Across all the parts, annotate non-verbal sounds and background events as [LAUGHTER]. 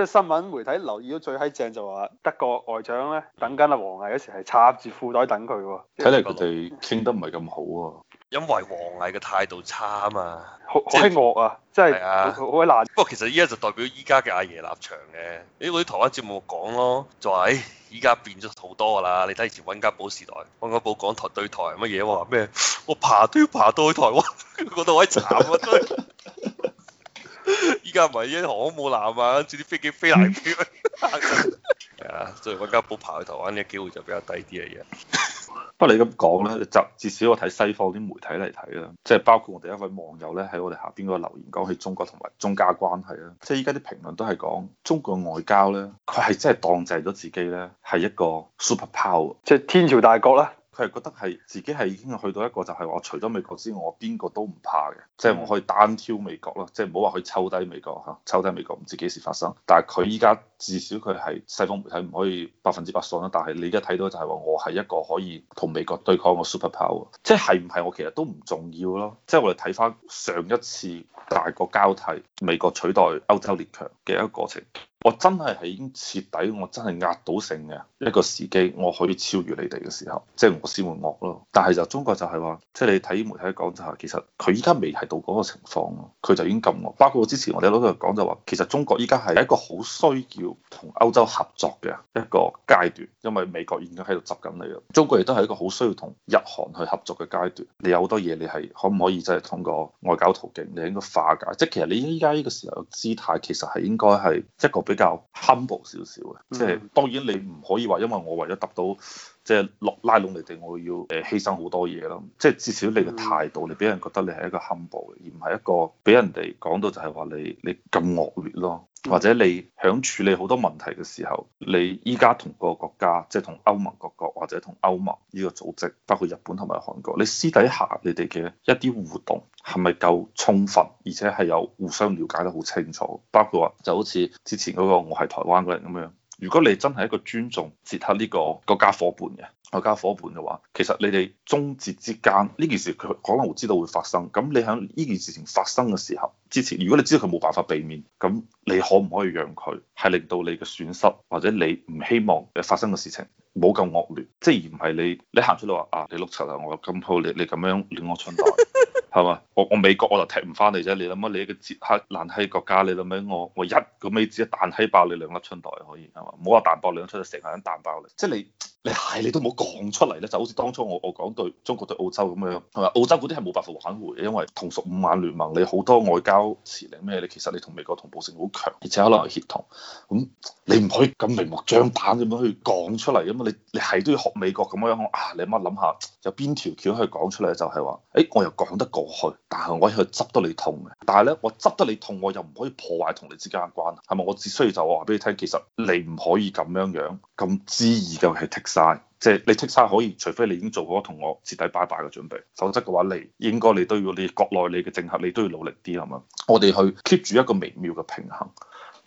即係新聞媒體留意到最閪正就話、是、德國外長咧等緊阿王毅嗰時係插住褲袋等佢喎，睇嚟佢哋傾得唔係咁好啊， [LAUGHS] 因為王毅嘅態度差啊嘛，好閪惡啊，即是啊真係好閪難。不過其實依家就代表依家嘅阿爺立場嘅，你嗰啲台灣節目講咯，就係依家變咗好多㗎啦。你睇以前温家寶時代，温家寶講台對台乜嘢話咩？我爬都要爬到去台灣，嗰度好閪慘啊真加埋因航母難啊，跟住啲飛機飛嚟飛去、啊。係 [LAUGHS] [LAUGHS] 啊，所以温家寶跑去台灣嘅、這個、機會就比較低啲嘅嘢。 [LAUGHS] 不過，你咁講咧，就至少我睇西方啲媒體嚟睇啦，即、就、係、是、包括我哋一位網友咧喺我哋下邊嗰個留言講起中國同埋中加關係啦。即係依家啲評論都係講中國外交咧，佢係真係當制咗自己咧，係一個 super power，即係天朝大國啦。係覺得係自己係已經去到一個就係我除咗美國之外，我邊個都唔怕嘅，即係我可以單挑美國咯，即係唔好話佢抽低美國嚇，抽低美國唔知幾時發生。但係佢依家至少佢係西方媒體唔可以百分之百信啦。但係你而家睇到就係話我係一個可以同美國對抗嘅 super power，即係唔係我其實都唔重要咯。即係我哋睇翻上一次大國交替，美國取代歐洲列強嘅一個過程。我真係係已經徹底，我真係壓倒性嘅一個時機，我可以超越你哋嘅時候，即係我先會惡咯。但係就是中國就係話，即係你睇媒體講就係，其實佢依家未係到嗰個情況佢就已經咁惡。包括之前我哋老實講就話，其實中國依家係一個好需要同歐洲合作嘅一個階段，因為美國已經喺度執緊你啦。中國亦都係一個好需要同日韓去合作嘅階段。你有好多嘢，你係可唔可以即係通過外交途徑，你應該化解？即係其實你依家呢個時候嘅姿態，其實係應該係一個。比較 humble 少少嘅，即係當然你唔可以話，因為我為咗得到，即係落拉攏你哋，我要誒犧牲好多嘢咯，即係至少你嘅態度，你俾人覺得你係一個 humble 嘅，而唔係一個俾人哋講到就係話你你咁惡劣咯。或者你喺處理好多問題嘅時候，你依家同個國家，即係同歐盟各國國或者同歐盟呢個組織，包括日本同埋韓國，你私底下你哋嘅一啲互動係咪夠充分，而且係有互相了解得好清楚，包括話就好似之前嗰個我係台灣嗰人咁樣，如果你真係一個尊重捷克呢個國家伙伴嘅。外交伙伴嘅話，其實你哋終節之間呢件事佢可能會知道會發生。咁你喺呢件事情發生嘅時候之前，如果你知道佢冇辦法避免，咁你可唔可以讓佢係令到你嘅損失或者你唔希望發生嘅事情冇咁惡劣？即而唔係，你你行出嚟話啊，你碌柒啦！我咁鋪你，你咁樣亂我春袋。係嘛？我我美國我就踢唔翻你啫！你諗下，你一個捷克爛閪國家，你諗乜？我我一個美字一彈起爆你兩粒春袋可以係嘛？唔好話彈爆你兩粒春，成個彈爆你。即係你你係你都唔好講出嚟咧。就好似當初我我講對中國對澳洲咁樣，同埋澳洲嗰啲係冇辦法挽回，因為同屬五眼聯盟，你好多外交詞令咩？你其實你同美國同步性好強，而且可能係協同。咁你唔可以咁明目張膽咁樣去講出嚟咁啊！你你係都要學美國咁樣講啊！你阿媽諗下有邊條橋可以講出嚟？就係話誒，我又講得過過去，但係我可以執得你痛嘅，但係咧，我執得你痛，我又唔可以破壞同你之間嘅關係，係咪？我只需要就話俾你聽，其實你唔可以咁樣樣咁恣意咁去剔晒，即係、就是、你剔晒可以，除非你已經做好同我徹底拜拜嘅準備。否則嘅話你，你應該你都要你國內你嘅政客，你都要努力啲，係咪？我哋去 keep 住一個微妙嘅平衡。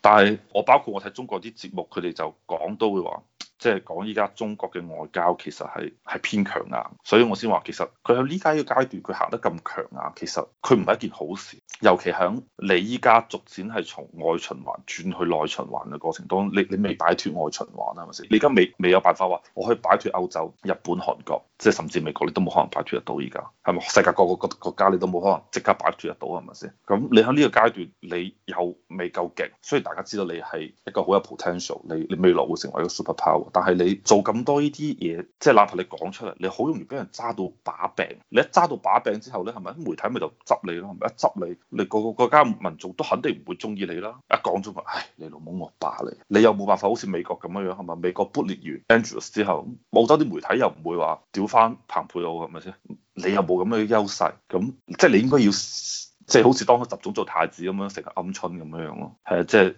但係我包括我睇中國啲節目，佢哋就講都會話。即係講依家中國嘅外交其實係係偏強硬，所以我先話其實佢喺呢家呢個階段佢行得咁強硬，其實佢唔係一件好事。尤其喺你依家逐漸係從外循環轉去內循環嘅過程當中，你你未擺脱外循環啊，係咪先？你而家未未有辦法話，我可以擺脱歐洲、日本、韓國，即係甚至美國，你都冇可能擺脱得到。而家係咪？世界各個國國家你都冇可能即刻擺脱得到，係咪先？咁你喺呢個階段，你又未夠勁，雖然大家知道你係一個好有 potential，你你未來會成為一個 super power，但係你做咁多呢啲嘢，即係哪怕你講出嚟，你好容易俾人揸到把柄。你一揸到把柄之後咧，係咪媒體咪就執你咯？係咪一執你？是你個個國家民族都肯定唔會中意你啦！一講中國，唉，你老母惡霸嚟！你又冇辦法好似美國咁樣樣係嘛？美國撥裂完 Andrews 之後，澳洲啲媒體又唔會話屌翻彭佩奧係咪先？你又冇咁嘅優勢，咁即係你應該要即係好似當佢習總做太子咁樣成個鵪鶉咁樣樣咯。係啊，即係。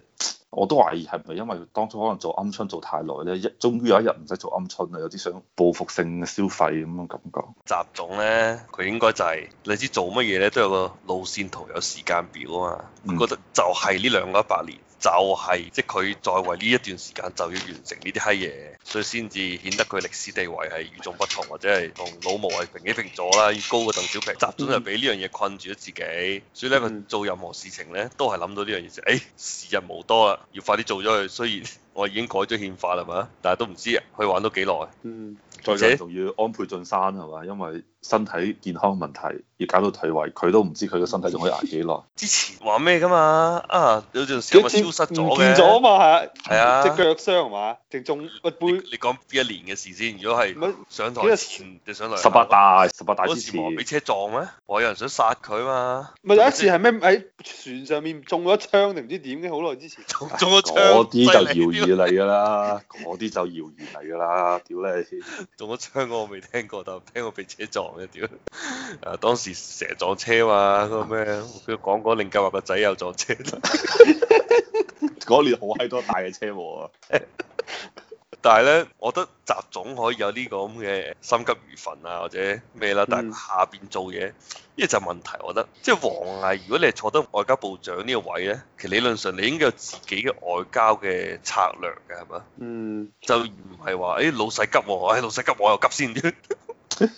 我都懷疑係唔係因為當初可能做鵪鶉做太耐咧，一終於有一日唔使做鵪鶉啦，有啲想報復性消費咁樣感覺。習總咧，佢應該就係、是、你知做乜嘢咧，都有個路線圖、有時間表啊嘛。覺得就係呢兩個一百年。就係即係佢在位呢一段時間就要完成呢啲閪嘢，所以先至顯得佢歷史地位係與眾不同，或者係同老毛係平起平坐啦，要高過鄧小平，集中係俾呢樣嘢困住咗自己，所以咧佢做任何事情咧都係諗到呢樣嘢，就誒時日無多啦，要快啲做咗佢。雖然我已經改咗憲法啦嘛，但係都唔知可以玩咗幾耐。嗯，再者仲要安倍晉三係嘛，因為。身體健康問題要搞到退位，佢都唔知佢個身體仲可以挨幾耐。之前話咩噶嘛？啊，好似消失咗嘅，唔見咗啊嘛！係啊，隻腳傷係嘛？定中一背？你講邊一年嘅事先？如果係上台幾就上台？十八大，十八大之前俾車撞咩？我有人想殺佢嘛？咪有一次係咩？喺船上面中咗槍定唔知點嘅，好耐之前中咗槍。嗰啲就謠言嚟㗎啦，嗰啲就謠言嚟㗎啦，屌你！中咗槍我未聽過，但係聽過被車撞。咩屌、啊？當時成日撞車嘛，嗰個咩？佢講講令計劃個仔又撞車嗰 [LAUGHS] 年好閪多大嘅車禍，啊， [LAUGHS] 但係咧，我覺得習總可以有呢個咁嘅心急如焚啊，或者咩啦。但係下邊做嘢呢就問題，我覺得即係王毅，如果你係坐得外交部長呢個位咧，其實理論上你應該有自己嘅外交嘅策略嘅，係嘛？嗯，就唔係話誒老細急，啊，誒、哎、老細急、啊、我又急先、啊、啲。 [LAUGHS]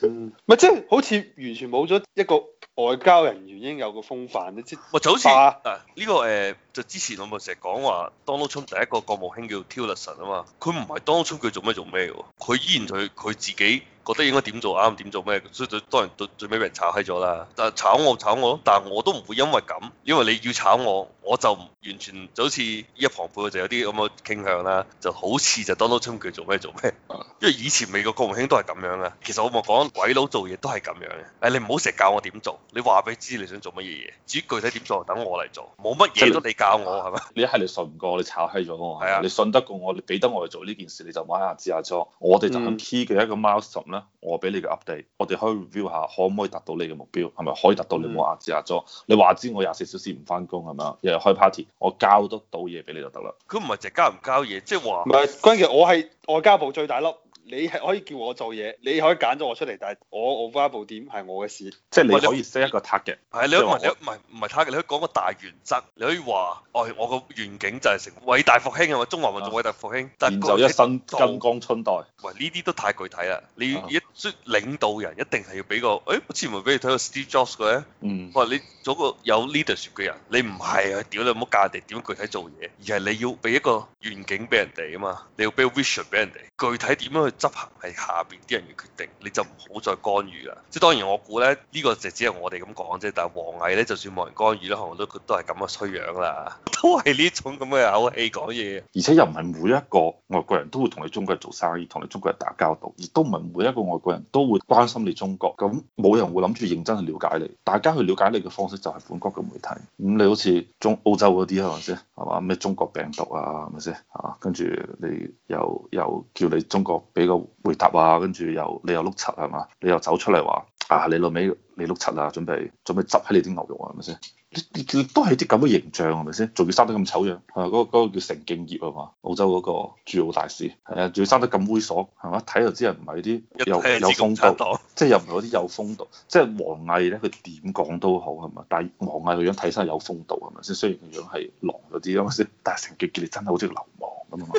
唔咪即係好似完全冇咗一個外交人員應有嘅風範。你即我哇就好似吧啊呢、這個誒。呃就之前我咪成日講話 Donald Trump 第一個國務卿叫 Tillerson 啊嘛，佢唔係 Donald Trump 佢做咩做咩嘅喎，佢依然佢佢自己覺得應該點做啱點做咩，所以就當然最尾被人炒閪咗啦。但係炒我炒我咯，但係我都唔會因為咁，因為你要炒我我就完全就好似一旁邊就有啲咁嘅傾向啦，就好似就 Donald Trump 佢做咩做咩，因為以前美國國務卿都係咁樣啊。其實我咪講鬼佬做嘢都係咁樣嘅，誒你唔好成日教我點做，你話俾知你想做乜嘢嘢，至於具體點做等我嚟做，冇乜嘢都你我係咪？你一係你信唔過你炒閪咗我係啊！你信得過我，你俾得我去做呢件事，你就玩阿支阿左。我哋就喺 key 嘅一個 milestone 咁咧，我俾你嘅 update 我哋可以 review 下可唔可以達到你嘅目標，係咪可以達到你？你冇阿支阿左，你話知我廿四小時唔翻工係咪啊？日日開 party，我交得到嘢俾你就得啦。佢唔係淨係交唔交嘢，即係話唔係關鍵。是是我係外交部最大粒。你係可以叫我做嘢，你可以揀咗我出嚟，但係我我開部店係我嘅事。即係你可以 set 一個 tag 嘅。係你唔係唔係 tag 嘅，你可以講個大原則。你可以話，哦、哎，我個願景就係成偉大復興啊！我中華民族偉大復興。啊、是就一身燈做光春代。喂，呢啲都太具體啦！你一出、啊、領導人一定係要俾個，誒、哎，之前咪俾你睇個 Steve Jobs 嘅？嗯。我話你做個有 leadership 嘅人，你唔係啊！屌你，唔好教人哋點具體做嘢，而係你要俾一個願景俾人哋啊嘛！你要俾個 vision 俾人哋，具體點樣去？執行係下邊啲人嘅決定，你就唔好再干預啦。即係當然，我估咧呢個就只係我哋咁講啫。但係王毅咧，就算冇人干預咧，我都都都係咁嘅衰樣啦，都係呢種咁嘅口氣講嘢。而且又唔係每一個外國人都會同你中國人做生意，同你中國人打交道，亦都唔係每一個外國人都會關心你中國。咁冇人會諗住認真去了解你。大家去了解你嘅方式就係本國嘅媒體。咁你好似中澳洲啲係咪先？咁咩中國病毒啊，係咪先？啊，跟住你又又叫你中國俾個回答啊，跟住又你又碌柒係嘛？你又走出嚟話啊，你老味。你碌柒啦，準備準備執起你啲牛肉啊，係咪先？你你都係啲咁嘅形象係咪先？仲要生得咁醜樣，係嘛？嗰個叫成敬業啊嘛，澳洲嗰個駐澳大使，係啊，仲要生得咁猥瑣，係嘛？睇就知人唔係啲有有風度，即係又唔係嗰啲有風度，即係王毅咧，佢點講都好係嘛？但係王毅個樣睇身係有風度係咪先？雖然個樣係狼嗰啲，但係成敬業真係好似流氓咁啊！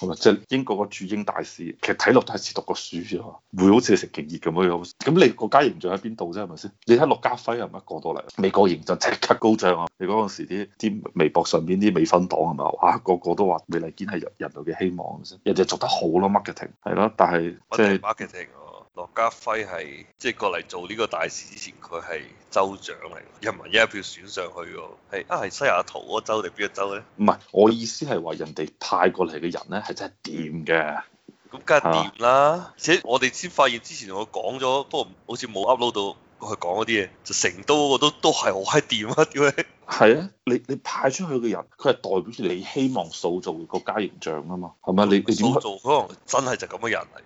係嘛？即係英國個駐英大使，其實睇落都係似讀過書啫嘛，會好似成敬業咁樣咁。你國家形象喺邊度啫？係咪？你睇駱家輝係咪過到嚟？美國形象即刻高漲啊！你嗰陣時啲啲微博上邊啲美分黨係咪？哇、啊，個個都話美利堅係人人類嘅希望先、啊，人哋做得好咯、啊、，marketing 係咯、啊，但係我哋 marketing、啊。駱家輝係即係過嚟做呢個大使之前，佢係州長嚟，嘅，人民一票選上去喎，係一、啊、西雅圖嗰州定邊個州咧？唔係，我意思係話人哋派過嚟嘅人咧係真係掂嘅，咁梗係掂啦。啊、而且我哋先發現之前我講咗，不過好似冇 upload 到。佢講嗰啲嘢，就成都個都都係好嗨掂啊！屌你，係啊，你你派出去嘅人，佢係代表住你希望塑造個國家形象啊嘛，係咪、嗯、你你點做？可能真係就咁嘅人嚟。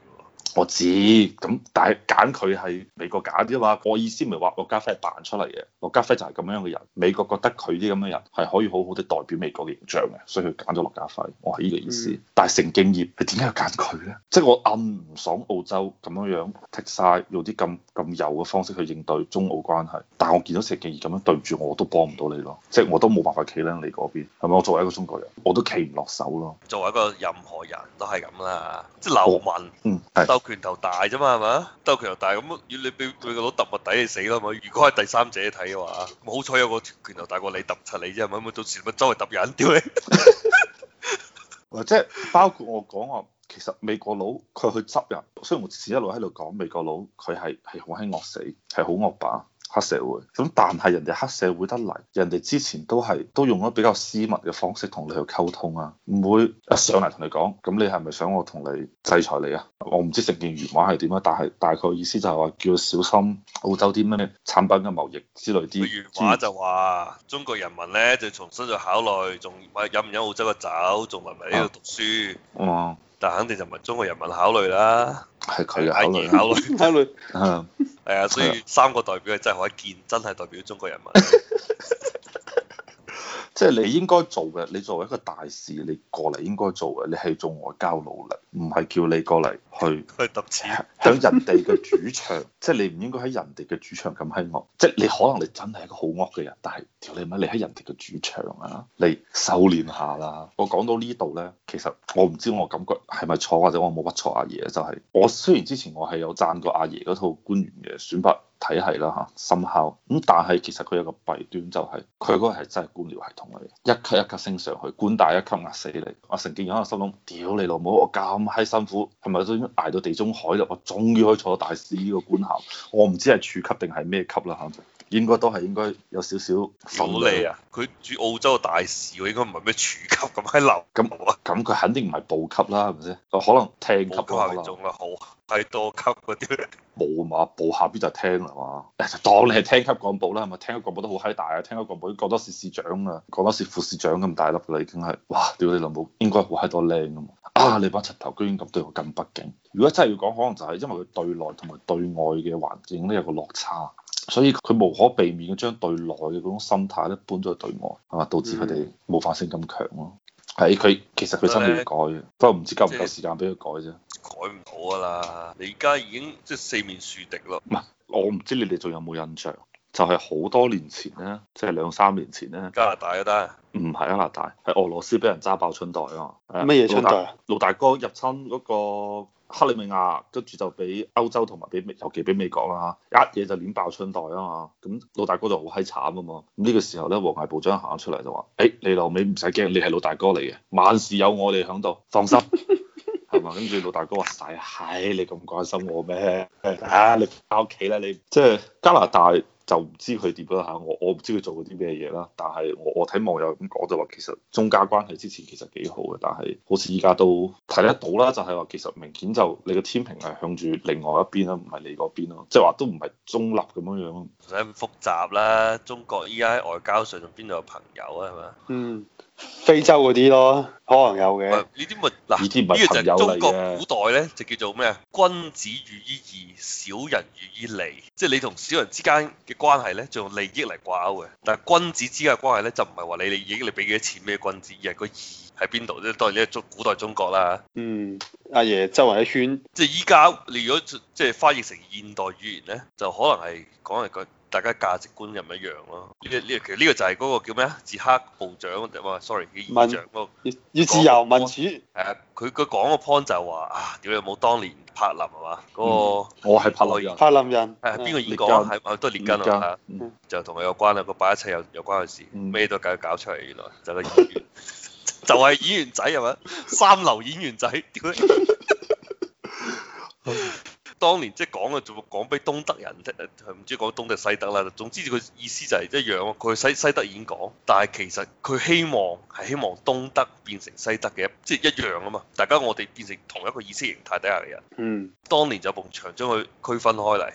我知咁，但係揀佢係美國揀啲嘛。我意思唔係話駱家輝係扮出嚟嘅，駱家輝就係咁樣嘅人。美國覺得佢啲咁樣嘅人係可以好好地代表美國形象嘅，所以佢揀咗駱家輝。我係呢個意思。嗯、但係成敬業，你點解要揀佢呢？即係我暗唔爽澳洲咁樣樣剔晒，用啲咁咁幼嘅方式去應對中澳關係。但係我見到成敬業咁樣，對唔住我都幫唔到你咯，即係我都冇辦法企喺你嗰邊。係咪？我作為一個中國人，我都企唔落手咯。作為一個任何人都係咁啦，即係流民。嗯，係。拳頭大啫嘛，係嘛？鬥拳頭大咁，要你俾美國佬揼物底，你，你摟摟摟死啦嘛！如果係第三者睇嘅話，好彩有個拳頭大過你揼柒你啫，係咪？咁咪到時咪周圍揼人，屌你！或者包括我講話，其實美國佬佢去執人，雖然我自一路喺度講美國佬佢係係好兇惡死，係好惡霸。黑社會咁，但係人哋黑社會得嚟，人哋之前都係都用咗比較私密嘅方式同你去溝通啊，唔會一上嚟同你講，咁你係咪想我同你制裁你啊？我唔知成件原話係點樣，但係大概意思就係話叫小心澳洲啲咩產品嘅貿易之類啲。原話就話中國人民呢，就重新再考慮，仲飲唔飲澳洲嘅酒，仲係咪喺度讀書。啊。但肯定就唔係中國人民考慮啦，係佢嘅考慮，考慮， [LAUGHS] 考慮係啊， [LAUGHS] 所以三個代表嘅真係可以見，真係代表中國人民。 [LAUGHS] [LAUGHS] 即係你應該做嘅，你作為一個大使，你過嚟應該做嘅，你係做外交努力，唔係叫你過嚟去去賭錢。喺 [LAUGHS] 人哋嘅主場， [LAUGHS] 即係你唔應該喺人哋嘅主場咁欺壓。即係你可能你真係一個好惡嘅人，但係條你咪你喺人哋嘅主場啊，你修練下啦。我講到呢度咧，其實我唔知我感覺係咪錯或者我有冇屈錯阿爺，就係，就係我雖然之前我係有贊過阿爺嗰套官員嘅選拔。體系啦嚇，深考咁、嗯，但係其實佢有個弊端就係、是，佢嗰個係真係官僚系統嚟，嘅，一級一級升上去，官大一級壓死你。我、啊、成件喺我心諗，屌你老母，我咁閪辛苦，係咪都已經捱到地中海啦，我終於可以坐到大使呢個官校。」我唔知係處級定係咩級啦。應該都係應該有少少福利啊！佢住澳洲大使，應該唔係咩處級咁閪流，咁咁佢肯定唔係部級啦，係咪先？可能廳級啦。冇咁嚴重好喺多級嗰啲冇啊嘛，部下邊就係廳啦嘛、哎，就當你係廳級幹部啦，係咪？廳級幹部都好閪大啊，廳級幹部都講多時市長啊，講多時副市長咁大粒啦，已經係哇！屌你老母，應該好閪多靚啊啊，你把柒頭居然咁對我咁不敬，如果真係要講，可能就係因為佢對內同埋對外嘅環境咧有個落差，所以佢無可避免嘅將對內嘅嗰種心態咧搬咗去對外，係咪？導致佢哋冒犯性咁強咯。係佢，其實佢真係要改嘅，不過唔知夠唔夠時間俾佢改啫。改唔到㗎喇，你而家已經四面樹敵咯。唔係，我唔知你哋仲有冇印象。就係好多年前咧，即係兩三年前咧，加拿大都、啊、得，唔係加拿大，係俄羅斯俾人揸爆春袋啊！乜嘢春袋老？老大哥入侵嗰個克里米亞，跟住就俾歐洲同埋俾尤其俾美國啦、啊，一嘢就亂爆春袋啊嘛！咁老大哥就好閪慘啊嘛！咁呢個時候咧，王毅部長行咗出嚟就話，誒你老味唔使驚，你係老，老大哥嚟嘅，萬事有我哋響度，放心係嘛？跟住 [LAUGHS] 老大哥話曬，唉、哎，你咁關心我咩？啊，你翻屋企啦你！即係加拿大。就唔知佢點樣吓，我我唔知佢做過啲咩嘢啦，但係我我睇網友咁講就話，其實中加關係之前其實幾好嘅，但係好似依家都睇得到啦，就係話其實明顯就你個天平係向住另外一邊咯，唔係你嗰邊咯，即係話都唔係中立咁樣樣。咁複雜啦，中國依家喺外交上邊度有朋友啊，係咪啊？嗯。非洲嗰啲咯，可能有嘅。呢啲咪嗱，呢個就係中國古代咧就叫做咩啊？君子喻於義，小人喻於利。即係你同小人之間嘅關係咧，就用利益嚟掛鈎嘅。但係君子之間嘅關係咧，就唔係話你利益，你俾幾多錢咩君子？而係個義喺邊度咧？當然呢，係中古代中國啦。嗯，阿爺周圍一圈，即係依家你如果即係翻譯成現代語言咧，就可能係講係句。大家價值觀又唔一樣咯，呢呢其實呢個就係嗰個叫咩啊？捷克部長，哇，sorry 啲演講，要自由民主。係啊，佢佢講個 point 就係、是、話啊，點解冇當年柏林係嘛？嗰、那個、嗯、我係柏林人，柏林人係邊、啊、個演講？係教都係列根啊，嗯、就同佢有關啦，佢擺一切有有關嘅事，咩、嗯、都搞搞出嚟，原來就係演員， [LAUGHS] 就係演員仔係嘛？三流演員仔， [LAUGHS] [LAUGHS] 當年即係講嘅，仲講俾東德人聽，誒，唔知講東德西德啦。總之佢意思就係一樣咯。佢西西德已經講，但係其實佢希望係希望東德變成西德嘅，即係一樣啊嘛。大家我哋變成同一個意識形態底下嘅人。嗯，當年有部牆將佢區分開嚟。